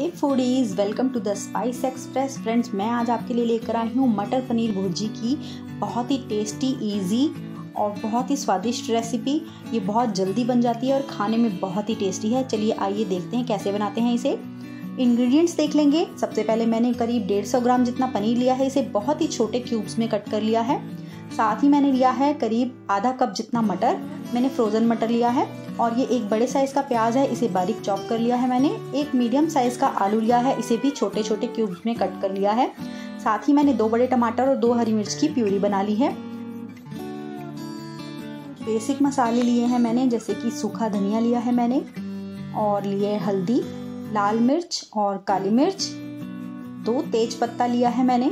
A foodies welcome to the spice express friends मैं आज आपके लिए लेकर आई हूँ मटर पनीर भुर्जी की बहुत ही टेस्टी इजी और बहुत ही स्वादिष्ट रेसिपी ये बहुत जल्दी बन जाती है और खाने में बहुत ही टेस्टी है चलिए आइए देखते हैं कैसे बनाते हैं इसे इंग्रेडिएंट्स देख लेंगे सबसे पहले मैंने करीब डेढ़ सौ ग्राम जितना पनीर लिया है इसे बहुत ही छोटे क्यूब्स में कट कर लिया है साथ ही मैंने लिया है करीब आधा कप जितना मटर मैंने फ्रोज़न मटर लिया है और ये एक बड़े साइज़ का प्याज है इसे बारीक चॉप कर लिया है मैंने एक मीडियम साइज़ का आलू लिया है इसे भी छोटे छोटे क्यूब्स में कट कर लिया है साथ ही मैंने दो बड़े टमाटर और दो हरी मिर्च की प्यूरी बना ली है बेसिक मसाले लिए हैं मैंने जैसे कि सूखा धनिया लिया है मैंने और लिए हल्दी लाल मिर्च और काली मिर्च दो तेज पत्ता लिया है मैंने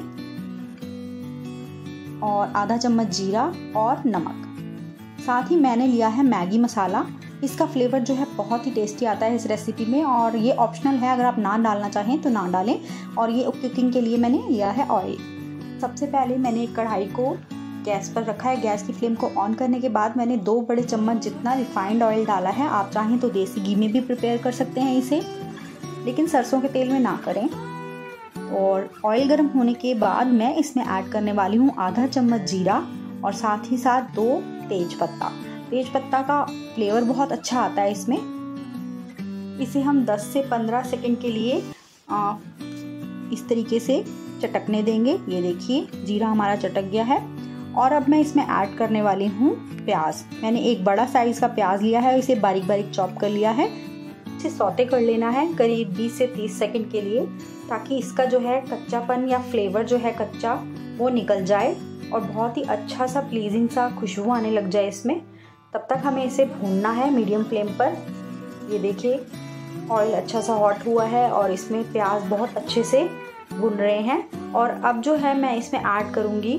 और आधा चम्मच जीरा और नमक साथ ही मैंने लिया है मैगी मसाला इसका फ्लेवर जो है बहुत ही टेस्टी आता है इस रेसिपी में और ये ऑप्शनल है अगर आप ना डालना चाहें तो ना डालें और ये कुकिंग के लिए मैंने लिया है ऑयल सबसे पहले मैंने एक कढ़ाई को गैस पर रखा है गैस की फ्लेम को ऑन करने के बाद मैंने दो बड़े चम्मच जितना रिफाइंड ऑयल डाला है आप चाहें तो देसी घी में भी प्रिपेयर कर सकते हैं इसे लेकिन सरसों के तेल में ना करें और ऑयल गर्म होने के बाद मैं इसमें ऐड करने वाली हूँ आधा चम्मच जीरा और साथ ही साथ दो तेज पत्ता तेज पत्ता का फ्लेवर बहुत अच्छा आता है इसमें इसे हम 10 से 15 सेकंड के लिए आ, इस तरीके से चटकने देंगे ये देखिए जीरा हमारा चटक गया है और अब मैं इसमें ऐड करने वाली हूँ प्याज मैंने एक बड़ा साइज़ का प्याज लिया है इसे बारीक बारीक चॉप कर लिया है से सौते कर लेना है करीब 20 से 30 सेकंड के लिए ताकि इसका जो है कच्चापन या फ्लेवर जो है कच्चा वो निकल जाए और बहुत ही अच्छा सा प्लीजिंग सा खुशबू आने लग जाए इसमें तब तक हमें इसे भूनना है मीडियम फ्लेम पर ये देखिए ऑयल अच्छा सा हॉट हुआ है और इसमें प्याज बहुत अच्छे से भुन रहे हैं और अब जो है मैं इसमें ऐड करूँगी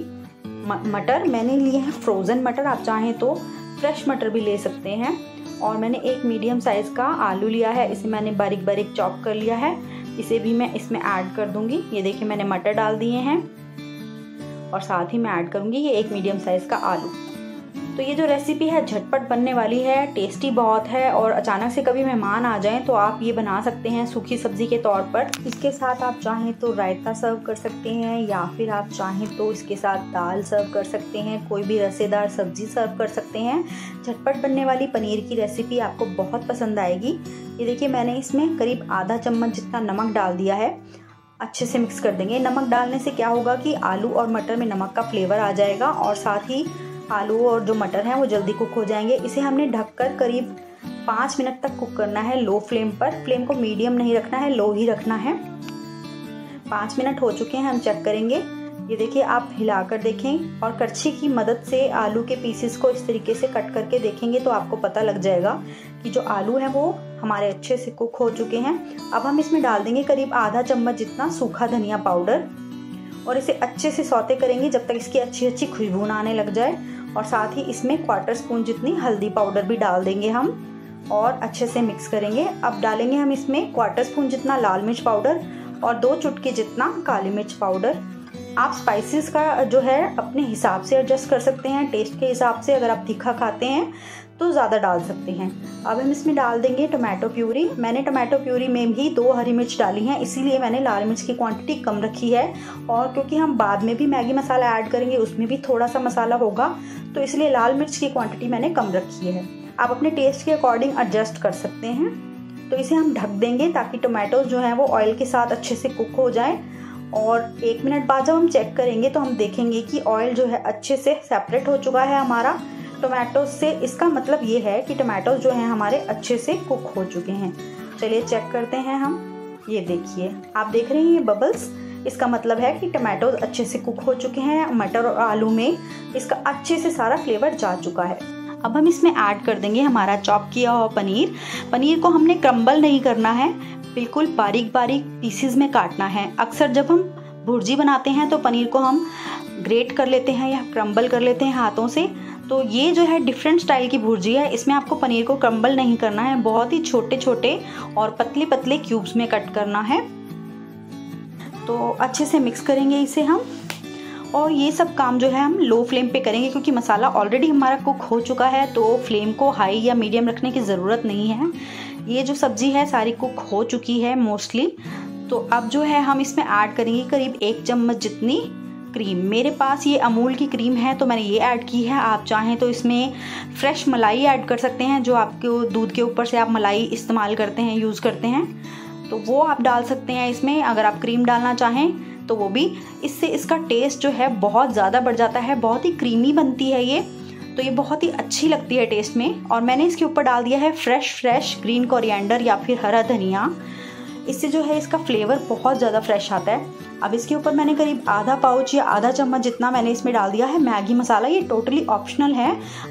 मटर मैंने लिए हैं फ्रोज़न मटर आप चाहें तो फ्रेश मटर भी ले सकते हैं और मैंने एक मीडियम साइज़ का आलू लिया है इसे मैंने बारीक बारीक चॉप कर लिया है इसे भी मैं इसमें ऐड कर दूंगी ये देखिए मैंने मटर डाल दिए हैं और साथ ही मैं ऐड करूंगी ये एक मीडियम साइज़ का आलू तो ये जो रेसिपी है झटपट बनने वाली है टेस्टी बहुत है और अचानक से कभी मेहमान आ जाएं तो आप ये बना सकते हैं सूखी सब्जी के तौर पर इसके साथ आप चाहें तो रायता सर्व कर सकते हैं या फिर आप चाहें तो इसके साथ दाल सर्व कर सकते हैं कोई भी रसेदार सब्जी सर्व कर सकते हैं झटपट बनने वाली पनीर की रेसिपी आपको बहुत पसंद आएगी ये देखिए मैंने इसमें करीब आधा चम्मच जितना नमक डाल दिया है अच्छे से मिक्स कर देंगे नमक डालने से क्या होगा कि आलू और मटर में नमक का फ्लेवर आ जाएगा और साथ ही आलू और जो मटर हैं वो जल्दी कुक हो जाएंगे इसे हमने ढककर करीब पाँच मिनट तक कुक करना है लो फ्लेम पर फ्लेम को मीडियम नहीं रखना है लो ही रखना है पाँच मिनट हो चुके हैं हम चेक करेंगे ये देखिए आप हिलाकर देखें और कच्छी की मदद से आलू के पीसेस को इस तरीके से कट करके देखेंगे तो आपको पता लग जाएगा कि जो आलू है वो हमारे अच्छे से कुक हो चुके हैं अब हम इसमें डाल देंगे करीब आधा चम्मच जितना सूखा धनिया पाउडर और इसे अच्छे से सौते करेंगे जब तक इसकी अच्छी अच्छी खुशबू ना आने लग जाए और साथ ही इसमें क्वार्टर स्पून जितनी हल्दी पाउडर भी डाल देंगे हम और अच्छे से मिक्स करेंगे अब डालेंगे हम इसमें क्वार्टर स्पून जितना लाल मिर्च पाउडर और दो चुटके जितना काली मिर्च पाउडर आप स्पाइसेस का जो है अपने हिसाब से एडजस्ट कर सकते हैं टेस्ट के हिसाब से अगर आप तीखा खाते हैं तो ज़्यादा डाल सकते हैं अब हम इसमें डाल देंगे टोमेटो प्यूरी मैंने टोमेटो प्यूरी में भी दो हरी मिर्च डाली हैं इसीलिए मैंने लाल मिर्च की क्वांटिटी कम रखी है और क्योंकि हम बाद में भी मैगी मसाला ऐड करेंगे उसमें भी थोड़ा सा मसाला होगा तो इसलिए लाल मिर्च की क्वांटिटी मैंने कम रखी है आप अपने टेस्ट के अकॉर्डिंग एडजस्ट कर सकते हैं तो इसे हम ढक देंगे ताकि टोमेटोज जो हैं वो ऑयल के साथ अच्छे से कुक हो जाए और एक मिनट बाद जब हम चेक करेंगे तो हम देखेंगे कि ऑयल जो है अच्छे से सेपरेट हो चुका है हमारा टोमेटो से इसका मतलब ये है कि टोमेटो जो हैं हमारे अच्छे से कुक हो चुके हैं चलिए चेक करते हैं हम ये देखिए आप देख रहे हैं ये बबल्स इसका मतलब है कि टमाटो अच्छे से कुक हो चुके हैं मटर और आलू में इसका अच्छे से सारा फ्लेवर जा चुका है अब हम इसमें ऐड कर देंगे हमारा चॉप किया हुआ पनीर पनीर को हमने क्रम्बल नहीं करना है बिल्कुल बारीक बारीक पीसीज में काटना है अक्सर जब हम भुर्जी बनाते हैं तो पनीर को हम ग्रेट कर लेते हैं या क्रम्बल कर लेते हैं हाथों से तो ये जो है डिफरेंट स्टाइल की भुर्जी है इसमें आपको पनीर को क्रम्बल नहीं करना है बहुत ही छोटे छोटे और पतले पतले क्यूब्स में कट करना है तो अच्छे से मिक्स करेंगे इसे हम और ये सब काम जो है हम लो फ्लेम पे करेंगे क्योंकि मसाला ऑलरेडी हमारा कुक हो चुका है तो फ्लेम को हाई या मीडियम रखने की ज़रूरत नहीं है ये जो सब्ज़ी है सारी कुक हो चुकी है मोस्टली तो अब जो है हम इसमें ऐड करेंगे करीब एक चम्मच जितनी क्रीम मेरे पास ये अमूल की क्रीम है तो मैंने ये ऐड की है आप चाहें तो इसमें फ्रेश मलाई ऐड कर सकते हैं जो आपके दूध के ऊपर से आप मलाई इस्तेमाल करते हैं यूज़ करते हैं तो वो आप डाल सकते हैं इसमें अगर आप क्रीम डालना चाहें तो वो भी इससे इसका टेस्ट जो है बहुत ज़्यादा बढ़ जाता है बहुत ही क्रीमी बनती है ये तो ये बहुत ही अच्छी लगती है टेस्ट में और मैंने इसके ऊपर डाल दिया है फ्रेश फ्रेश ग्रीन कोरिएंडर या फिर हरा धनिया इससे जो है इसका फ्लेवर बहुत ज़्यादा फ्रेश आता है अब इसके ऊपर मैंने करीब आधा पाउच या आधा चम्मच जितना मैंने इसमें डाल दिया है मैगी मसाला ये टोटली ऑप्शनल है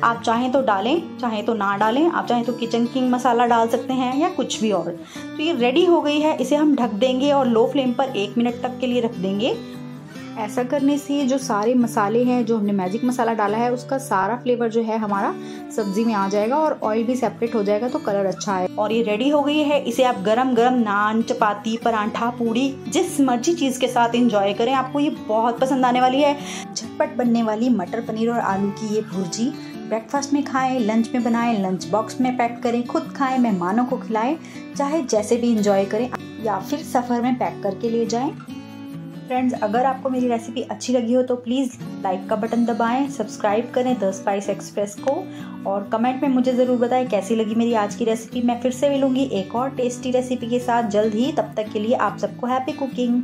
आप चाहें तो डालें चाहें तो ना डालें आप चाहें तो किचन किंग मसाला डाल सकते हैं या कुछ भी और तो ये रेडी हो गई है इसे हम ढक देंगे और लो फ्लेम पर एक मिनट तक के लिए रख देंगे ऐसा करने से जो सारे मसाले हैं जो हमने मैजिक मसाला डाला है उसका सारा फ्लेवर जो है हमारा सब्जी में आ जाएगा और ऑयल भी सेपरेट हो जाएगा तो कलर अच्छा है और ये रेडी हो गई है इसे आप गरम गरम नान चपाती परांठा पूड़ी जिस मर्जी चीज़ के साथ इंजॉय करें आपको ये बहुत पसंद आने वाली है झटपट बनने वाली मटर पनीर और आलू की ये भुर्जी ब्रेकफास्ट में खाएं लंच में बनाएं लंच बॉक्स में पैक करें खुद खाएं मेहमानों को खिलाएं चाहे जैसे भी इंजॉय करें या फिर सफ़र में पैक करके ले जाएं फ्रेंड्स अगर आपको मेरी रेसिपी अच्छी लगी हो तो प्लीज़ लाइक का बटन दबाएं सब्सक्राइब करें द स्पाइस एक्सप्रेस को और कमेंट में मुझे ज़रूर बताएं कैसी लगी मेरी आज की रेसिपी मैं फिर से मिलूंगी एक और टेस्टी रेसिपी के साथ जल्द ही तब तक के लिए आप सबको हैप्पी कुकिंग